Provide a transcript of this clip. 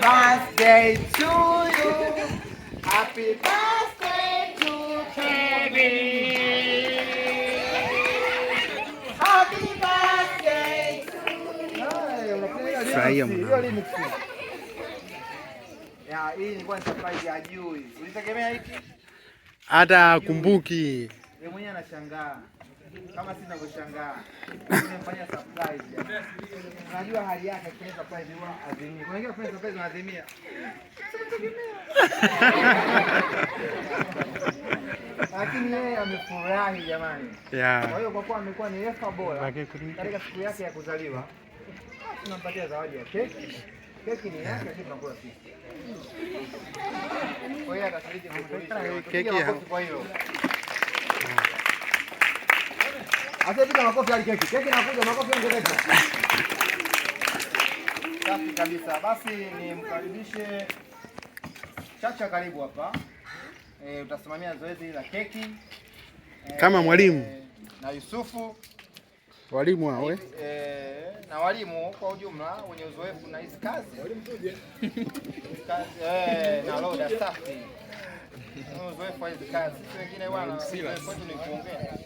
birthday to you. Happy birthday to Kevin. Happy birthday to you. Hata kumbuki. Yeye mwenyewe anashangaa kama si navyoshangaa, nimefanya surprise. Unajua hali yake kile surprise huwa azimia, kuna wengine fanya surprise wanaazimia, lakini yeye amefurahi jamani. Kwa hiyo kwa kuwa amekuwa ni refa bora katika siku yake ya kuzaliwa, tunampatia zawadi ya keki. Keki ni yake, sisi tunakula sisi. Kwa hiyo atasiriki kwa hiyo Asante makofi hadi keki. Keki inakuja makofi ongezeka. Safi kabisa. Basi nimkaribishe Chacha, karibu hapa. E, utasimamia zoezi la keki. E, kama mwalimu na Yusufu walimu hao eh? e, na walimu kwa ujumla wenye uzoefu na hizi kazi e, na roda safi. Uzoefu wa hizi kazi. Wengine wana kwetu ni kuongea.